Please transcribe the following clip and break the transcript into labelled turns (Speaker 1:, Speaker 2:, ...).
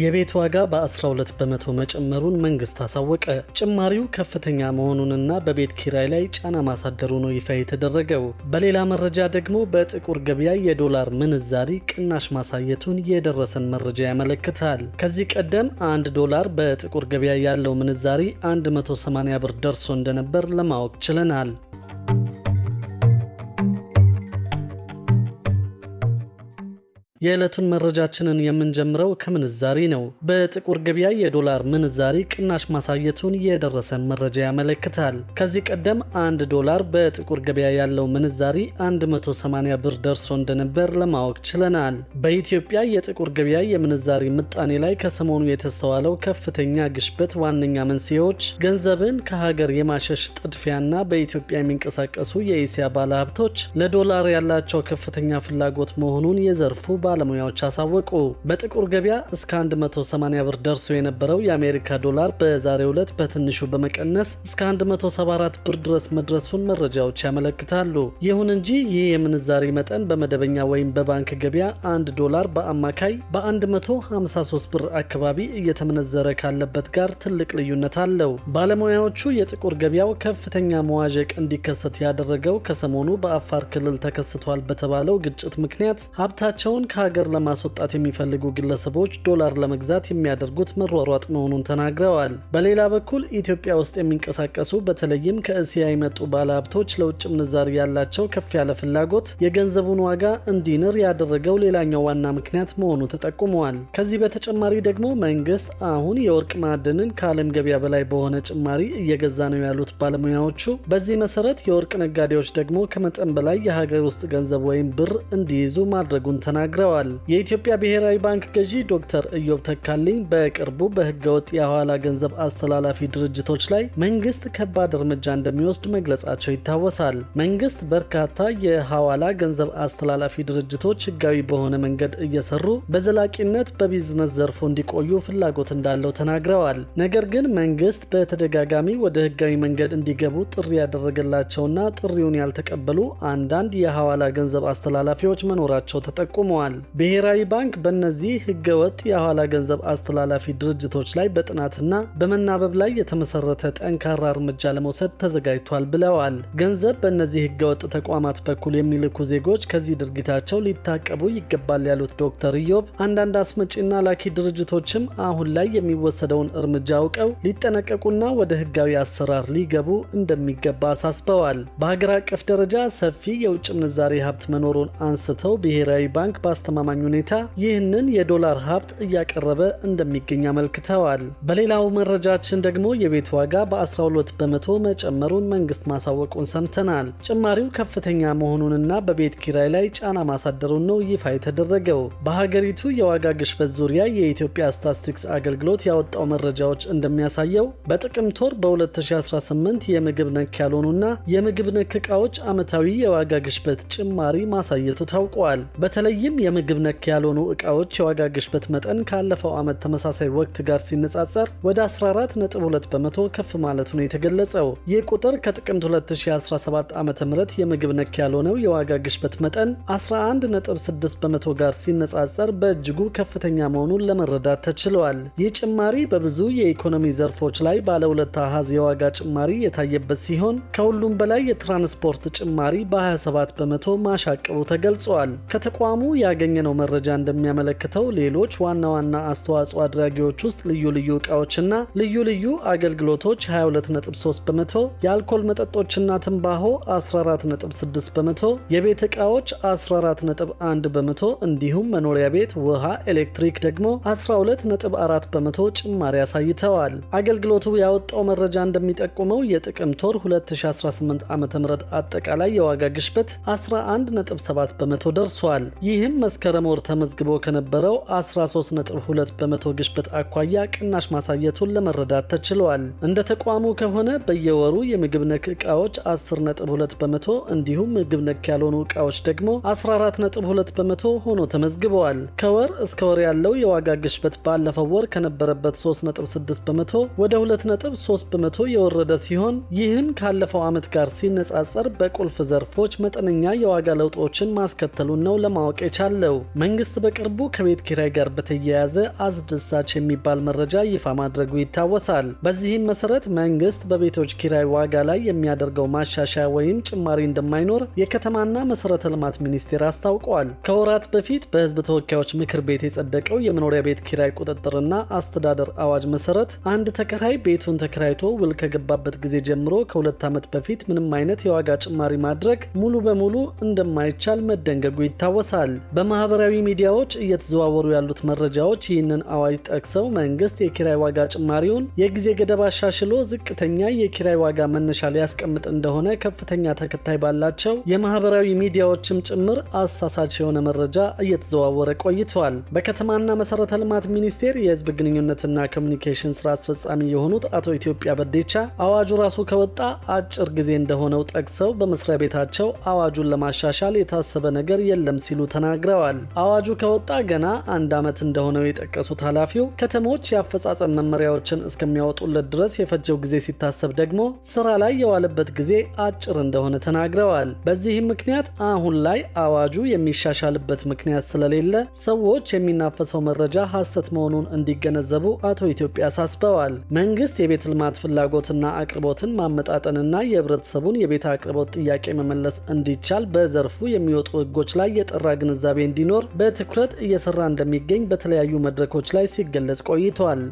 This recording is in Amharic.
Speaker 1: የቤት ዋጋ በ12 በመቶ መጨመሩን መንግስት አሳወቀ። ጭማሪው ከፍተኛ መሆኑንና በቤት ኪራይ ላይ ጫና ማሳደሩ ነው ይፋ የተደረገው። በሌላ መረጃ ደግሞ በጥቁር ገበያ የዶላር ምንዛሪ ቅናሽ ማሳየቱን የደረሰን መረጃ ያመለክታል። ከዚህ ቀደም አንድ ዶላር በጥቁር ገበያ ያለው ምንዛሪ 180 ብር ደርሶ እንደነበር ለማወቅ ችለናል። የዕለቱን መረጃችንን የምንጀምረው ከምንዛሪ ነው። በጥቁር ገበያ የዶላር ምንዛሬ ቅናሽ ማሳየቱን የደረሰን መረጃ ያመለክታል። ከዚህ ቀደም አንድ ዶላር በጥቁር ገበያ ያለው ምንዛሪ 180 ብር ደርሶ እንደነበር ለማወቅ ችለናል። በኢትዮጵያ የጥቁር ገበያ የምንዛሪ ምጣኔ ላይ ከሰሞኑ የተስተዋለው ከፍተኛ ግሽበት ዋነኛ መንስኤዎች ገንዘብን ከሀገር የማሸሽ ጥድፊያና በኢትዮጵያ የሚንቀሳቀሱ የኢሲያ ባለሀብቶች ለዶላር ያላቸው ከፍተኛ ፍላጎት መሆኑን የዘርፉ ባለሙያዎች አሳወቁ። በጥቁር ገበያ እስከ 180 ብር ደርሶ የነበረው የአሜሪካ ዶላር በዛሬው ዕለት በትንሹ በመቀነስ እስከ 174 ብር ድረስ መድረሱን መረጃዎች ያመለክታሉ። ይሁን እንጂ ይህ የምንዛሪ መጠን በመደበኛ ወይም በባንክ ገበያ 1 ዶላር በአማካይ በ153 ብር አካባቢ እየተመነዘረ ካለበት ጋር ትልቅ ልዩነት አለው። ባለሙያዎቹ የጥቁር ገበያው ከፍተኛ መዋዠቅ እንዲከሰት ያደረገው ከሰሞኑ በአፋር ክልል ተከስቷል በተባለው ግጭት ምክንያት ሀብታቸውን ከ ከሀገር ለማስወጣት የሚፈልጉ ግለሰቦች ዶላር ለመግዛት የሚያደርጉት መሯሯጥ መሆኑን ተናግረዋል። በሌላ በኩል ኢትዮጵያ ውስጥ የሚንቀሳቀሱ በተለይም ከእስያ የመጡ ባለሀብቶች ለውጭ ምንዛሪ ያላቸው ከፍ ያለ ፍላጎት የገንዘቡን ዋጋ እንዲንር ያደረገው ሌላኛው ዋና ምክንያት መሆኑ ተጠቁመዋል። ከዚህ በተጨማሪ ደግሞ መንግስት አሁን የወርቅ ማዕድንን ከዓለም ገበያ በላይ በሆነ ጭማሪ እየገዛ ነው ያሉት ባለሙያዎቹ፣ በዚህ መሰረት የወርቅ ነጋዴዎች ደግሞ ከመጠን በላይ የሀገር ውስጥ ገንዘብ ወይም ብር እንዲይዙ ማድረጉን ተናግረዋል። ገልጸዋል። የኢትዮጵያ ብሔራዊ ባንክ ገዢ ዶክተር እዮብ ተካልኝ በቅርቡ በህገወጥ የሐዋላ ገንዘብ አስተላላፊ ድርጅቶች ላይ መንግስት ከባድ እርምጃ እንደሚወስድ መግለጻቸው ይታወሳል። መንግስት በርካታ የሐዋላ ገንዘብ አስተላላፊ ድርጅቶች ህጋዊ በሆነ መንገድ እየሰሩ በዘላቂነት በቢዝነስ ዘርፉ እንዲቆዩ ፍላጎት እንዳለው ተናግረዋል። ነገር ግን መንግስት በተደጋጋሚ ወደ ህጋዊ መንገድ እንዲገቡ ጥሪ ያደረገላቸውና ጥሪውን ያልተቀበሉ አንዳንድ የሐዋላ ገንዘብ አስተላላፊዎች መኖራቸው ተጠቁመዋል። ብሔራዊ ባንክ በእነዚህ ህገወጥ የኋላ ገንዘብ አስተላላፊ ድርጅቶች ላይ በጥናትና በመናበብ ላይ የተመሰረተ ጠንካራ እርምጃ ለመውሰድ ተዘጋጅቷል ብለዋል። ገንዘብ በእነዚህ ህገወጥ ተቋማት በኩል የሚልኩ ዜጎች ከዚህ ድርጊታቸው ሊታቀቡ ይገባል ያሉት ዶክተር ኢዮብ አንዳንድ አስመጪና ላኪ ድርጅቶችም አሁን ላይ የሚወሰደውን እርምጃ አውቀው ሊጠነቀቁና ወደ ህጋዊ አሰራር ሊገቡ እንደሚገባ አሳስበዋል። በሀገር አቀፍ ደረጃ ሰፊ የውጭ ምንዛሬ ሀብት መኖሩን አንስተው ብሔራዊ ባንክ ባስ በአስተማማኝ ሁኔታ ይህንን የዶላር ሀብት እያቀረበ እንደሚገኝ አመልክተዋል። በሌላው መረጃችን ደግሞ የቤት ዋጋ በ12 በመቶ መጨመሩን መንግስት ማሳወቁን ሰምተናል። ጭማሪው ከፍተኛ መሆኑንና በቤት ኪራይ ላይ ጫና ማሳደሩን ነው ይፋ የተደረገው። በሀገሪቱ የዋጋ ግሽበት ዙሪያ የኢትዮጵያ ስታስቲክስ አገልግሎት ያወጣው መረጃዎች እንደሚያሳየው በጥቅምት ወር በ2018 የምግብ ነክ ያልሆኑና የምግብ ነክ ዕቃዎች ዓመታዊ የዋጋ ግሽበት ጭማሪ ማሳየቱ ታውቋል። በተለይም የምግብ ነክ ያልሆኑ እቃዎች የዋጋ ግሽበት መጠን ካለፈው ዓመት ተመሳሳይ ወቅት ጋር ሲነጻጸር ወደ 14.2 በመቶ ከፍ ማለቱ ነው የተገለጸው። ይህ ቁጥር ከጥቅምት 2017 ዓ ም የምግብ ነክ ያልሆነው የዋጋ ግሽበት መጠን 11.6 በመቶ ጋር ሲነጻጸር በእጅጉ ከፍተኛ መሆኑን ለመረዳት ተችሏል። ይህ ጭማሪ በብዙ የኢኮኖሚ ዘርፎች ላይ ባለ ሁለት አሃዝ የዋጋ ጭማሪ የታየበት ሲሆን ከሁሉም በላይ የትራንስፖርት ጭማሪ በ27 በመቶ ማሻቀቡ ተገልጿል። ከተቋሙ ያገኘነው መረጃ እንደሚያመለክተው ሌሎች ዋና ዋና አስተዋጽኦ አድራጊዎች ውስጥ ልዩ ልዩ ና ልዩ ልዩ አገልግሎቶች 22.3 በመቶ፣ የአልኮል መጠጦችና ትንባሆ 14.6 በመቶ፣ የቤት ዕቃዎች 14.1 በመቶ እንዲሁም መኖሪያ ቤት፣ ውሃ፣ ኤሌክትሪክ ደግሞ 12.4 በመቶ ጭማሪ አሳይተዋል። አገልግሎቱ ያወጣው መረጃ እንደሚጠቁመው የጥቅምት ወር 2018 ዓ.ም አጠቃላይ የዋጋ ግሽበት 11.7 በመቶ ደርሷል። ይህም መስከረም ወር ተመዝግቦ ከነበረው 13.2 በመቶ ግሽበት አኳያ ቅናሽ ማሳየቱን ለመረዳት ተችሏል። እንደ ተቋሙ ከሆነ በየወሩ የምግብ ነክ ዕቃዎች 10.2 በመቶ እንዲሁም ምግብ ነክ ያልሆኑ እቃዎች ደግሞ 14.2 በመቶ ሆኖ ተመዝግበዋል። ከወር እስከ ወር ያለው የዋጋ ግሽበት ባለፈው ወር ከነበረበት 3.6 በመቶ ወደ 2.3 በመቶ የወረደ ሲሆን ይህም ካለፈው ዓመት ጋር ሲነጻጸር በቁልፍ ዘርፎች መጠነኛ የዋጋ ለውጦችን ማስከተሉን ነው ለማወቅ የቻለ አለው። መንግስት በቅርቡ ከቤት ኪራይ ጋር በተያያዘ አስደሳች የሚባል መረጃ ይፋ ማድረጉ ይታወሳል። በዚህም መሰረት መንግስት በቤቶች ኪራይ ዋጋ ላይ የሚያደርገው ማሻሻያ ወይም ጭማሪ እንደማይኖር የከተማና መሰረተ ልማት ሚኒስቴር አስታውቋል። ከወራት በፊት በህዝብ ተወካዮች ምክር ቤት የጸደቀው የመኖሪያ ቤት ኪራይ ቁጥጥርና አስተዳደር አዋጅ መሰረት አንድ ተከራይ ቤቱን ተከራይቶ ውል ከገባበት ጊዜ ጀምሮ ከሁለት ዓመት በፊት ምንም አይነት የዋጋ ጭማሪ ማድረግ ሙሉ በሙሉ እንደማይቻል መደንገጉ ይታወሳል። በማህበራዊ ሚዲያዎች እየተዘዋወሩ ያሉት መረጃዎች ይህንን አዋጅ ጠቅሰው መንግስት የኪራይ ዋጋ ጭማሪውን የጊዜ ገደብ አሻሽሎ ዝቅተኛ የኪራይ ዋጋ መነሻ ሊያስቀምጥ እንደሆነ ከፍተኛ ተከታይ ባላቸው የማህበራዊ ሚዲያዎችም ጭምር አሳሳች የሆነ መረጃ እየተዘዋወረ ቆይቷል። በከተማና መሰረተ ልማት ሚኒስቴር የህዝብ ግንኙነትና ኮሚኒኬሽን ስራ አስፈጻሚ የሆኑት አቶ ኢትዮጵያ በዴቻ አዋጁ ራሱ ከወጣ አጭር ጊዜ እንደሆነው ጠቅሰው በመስሪያ ቤታቸው አዋጁን ለማሻሻል የታሰበ ነገር የለም ሲሉ ተናግረዋል። ብለዋል። አዋጁ ከወጣ ገና አንድ ዓመት እንደሆነው የጠቀሱት ኃላፊው ከተሞች የአፈጻጸም መመሪያዎችን እስከሚያወጡለት ድረስ የፈጀው ጊዜ ሲታሰብ ደግሞ ስራ ላይ የዋለበት ጊዜ አጭር እንደሆነ ተናግረዋል። በዚህም ምክንያት አሁን ላይ አዋጁ የሚሻሻልበት ምክንያት ስለሌለ ሰዎች የሚናፈሰው መረጃ ሐሰት መሆኑን እንዲገነዘቡ አቶ ኢትዮጵያ አሳስበዋል። መንግስት የቤት ልማት ፍላጎትና አቅርቦትን ማመጣጠንና የህብረተሰቡን የቤት አቅርቦት ጥያቄ መመለስ እንዲቻል በዘርፉ የሚወጡ ህጎች ላይ የጠራ ግንዛቤ እንዲኖር በትኩረት እየሰራ እንደሚገኝ በተለያዩ መድረኮች ላይ ሲገለጽ ቆይቷል።